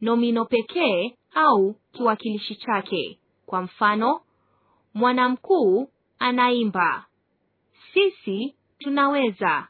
nomino pekee au kiwakilishi chake. Kwa mfano, mwanamkuu anaimba. Sisi tunaweza.